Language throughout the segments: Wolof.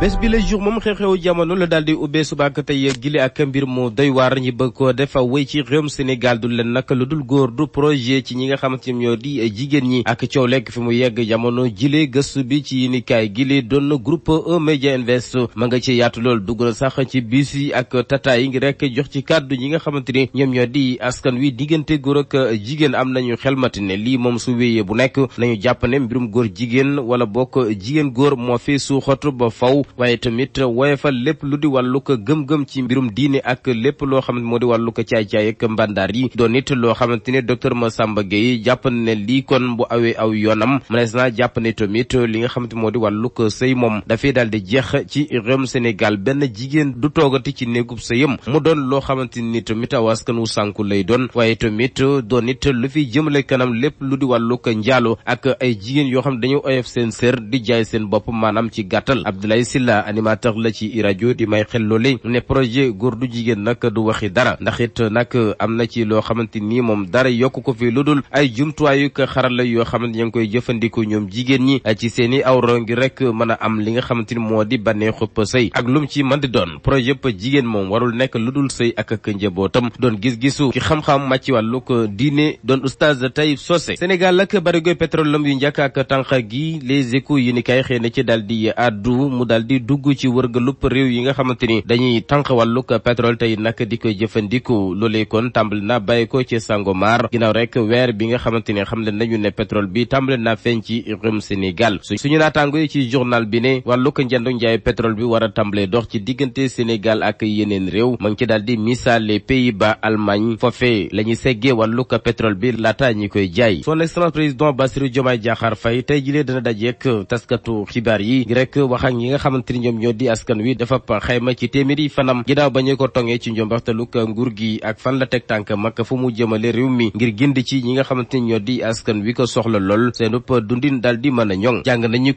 bés bi la jour moom xew-xewu jamono la daal di ubbee subaak tey gile ak mbir mu doy waar ñi bëgg defa def wéy ci réewum Sénégal du leen nag lu dul góor du projet ci ñi nga xamante ni ñoo di jigéen ñi ak coow lekk fi mu yegg jamono jile gëstu bi ci yéenekaay gile doon na groupe E-Media Invest nga ci yaatu lool dugg na ci biis yi ak tata yi ngi rek jox ci kàddu ñi nga xamante ni ñoom ñoo di askan wi diggante góor ak jigéen am nañu xelmati ne lii moom su wéyee bu nekk nañu jàpp ne mbirum góor jigéen wala bokk jigéen góor moo fi suuxatu ba faw waaye tamit woyefal lépp lu di wàllu ko gëm-gëm ci mbirum diine ak lépp loo xamante moo di wàllu ko caay-caay ak mbandaar yi doon it loo xamante ne docteur Massamba Gueye jàpp ne lii kon bu awee aw yoonam mënees naa jàpp ne li nga xamante moo di wàllu ko sëy moom dafay daal di jeex ci réewum Sénégal benn jigéen du toogati ci néegub sëyam mu doon loo xamante ni tamit aw askan wu sànku lay doon waaye tamit doon it lu fi jëmale kanam lépp lu di wàllu ko ak ay jigéen yoo xam ne dañu oyof seen sër di jaay seen bopp maanaam ci gàttal Sylla animateur la ci rajo di may xel loole ne projet góor du jigéen nag du waxi dara ndax it am na ci loo xamante ni moom dara yokk ko fi lu dul ay jumtuwaayu xarala yoo xamante ña ngi koy jëfandikoo ñoom jigéen ñi ci seen i awra ngi rek mën a am li nga xamante ni moo di bànneexu sëy ak lum ci man di doon projet pa jigéen moom warul nekk lu dul sëy ak ak njabootam doon gis-gisu ki xam-xam màcc wàllu ko diine doon oustaz Taïb Socé Sénégal ak barigoy ak tànq gi les échos yi ni kay di dugg ci wërga lupp réew yi nga xamante ni dañuy tànq wàllug pétrole tey nag di ko jëfandiku loolee kon na bàyyi ko ci Sangomar ginnaaw rek weer bi nga xamante ni nañu ne pétrole bi tàmbali na feeñ ci réewum Sénégal suñu naataango yi ci journal bi ne wàllug njënd njaay pétrole bi war a tàmbalee dox ci diggante Sénégal ak yeneen réew ma ngi ci daal di misaale Pays-Bas Allemagne foofee la ñuy seggee wàllug pétrole bi laata ñi koy jaay son excellence président Bassirou Diomaye Diakhar Faye tey jilee dana dajeek taskatu xibaar xamante ni ñoom ñoo di askan wi dafa ak ni ñoo di askan wi ko soxla lool seen upp a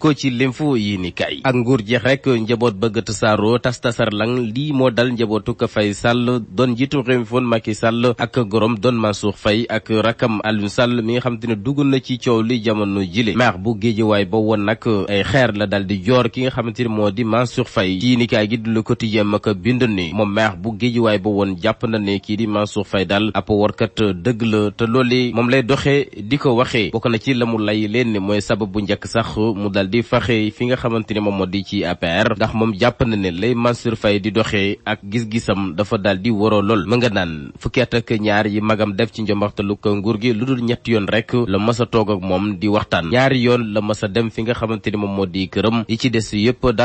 ko ci limfu yi ni kay ak nguur jeex rek njaboot bëgg tasaaroo tas tasar lii moo dal njabootu ko fay sàll doon njiitu réew mi foon Macky Sall ak gorom doon Mansour Faye ak rakam Aliou Sall mi nga xamante ne dugg na ci coow li jamono jile maire bu géejewaay ba woon nag ay xeer la dal joor ki nga xamante ni moo di Mansour Faye ci yéenikaay gi di Le Quotidien ma ko bind ni moom maire bu Géejawaay ba woon jàpp na ne kii di Mansour Faye daal ab warkat dëgg la te loolu moom lay doxee di ko waxee bokk na ci la mu lay leen mooy sabab bu njëkk sax mu dal di faxe fi nga xamante ne moom moo di ci APR ndax moom jàpp na ne lay Mansour Faye di doxee ak gis-gisam dafa daal di waroo lool ma nga naan fukki at ak ñaar yi magam def ci njombaxtalu ko nguur gi lu dul ñetti yoon rek la mas a toog moom di waxtaan ñaari yoon la mas dem fi nga xamante ni moom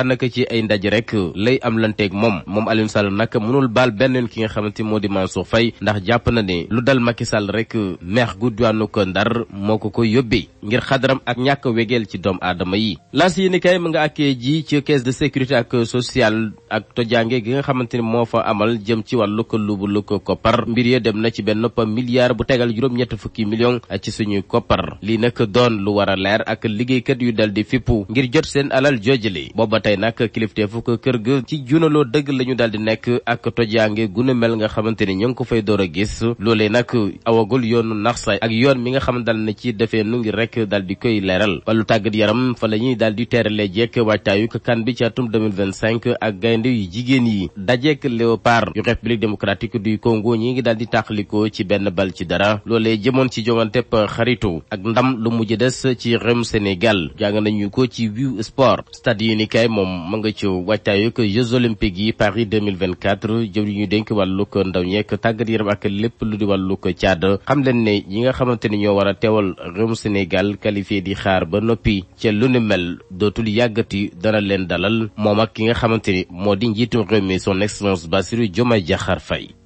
daanaka ci ay ndaj rek lay am lanteeg moom moom Alioune Sall nag mënul baal beneen ki nga xamante moo di soo Faye ndax jàpp na ne lu dal Macky Sall rek meex gu diwaanu ko ndar moo ko koy yóbbee ngir xadaram ak ñàkk wegeel ci doomu aadama yi laas yéeni kaay mu nga àkkee ji ci caisse de sécurité ak sociale ak tojange gi nga xamante ni moo fa amal jëm ci wàllu ko lubu lu ko koppar mbir ya dem na ci benn pa milliard bu tegal juróom-ñett fukki million ci suñuy koppar lii nag doon lu war a leer ak liggéeykat yu dal di fippu ngir jot seen alal joojale booba tey nag kilifteefu ko kër ga ci junaloo dëgg la ñu dal di nekk ak tojange guna mel nga xamante ni ñu ngi ko fay door a gis loolee nag awagul yoonu nax say ak yoon mi nga xam dal na ci defee nu ngi rek dal di koy leeral wàllu tàggat yaram fa la dal di teeralee jekk waajtaayu kan bi gaynde yu jigéen yi dajeek léopard yu république démocratique du Congo ñi ngi daal di tàqalikoo ci benn bal ci dara loolee jëmoon ci jongantepp xaritu ak ndam lu mujj des ci rem Sénégal jàng nañu ko ci wiw sport stade yi ni moom ma nga ci waajtaayu ko Jeux olympiques yi Paris 2024 jëw yi ñu dénk wàllu ko ndaw ñeek tàggat yaram ak lépp lu di wàllu ko caada xam ne ñi nga xamante ni ñoo war a teewal réewum Sénégal qualifié di xaar ba noppi ca lu ni mel dootul moo di njiitum réew mi son excellence Bassirou Diomaye Diakhar Faye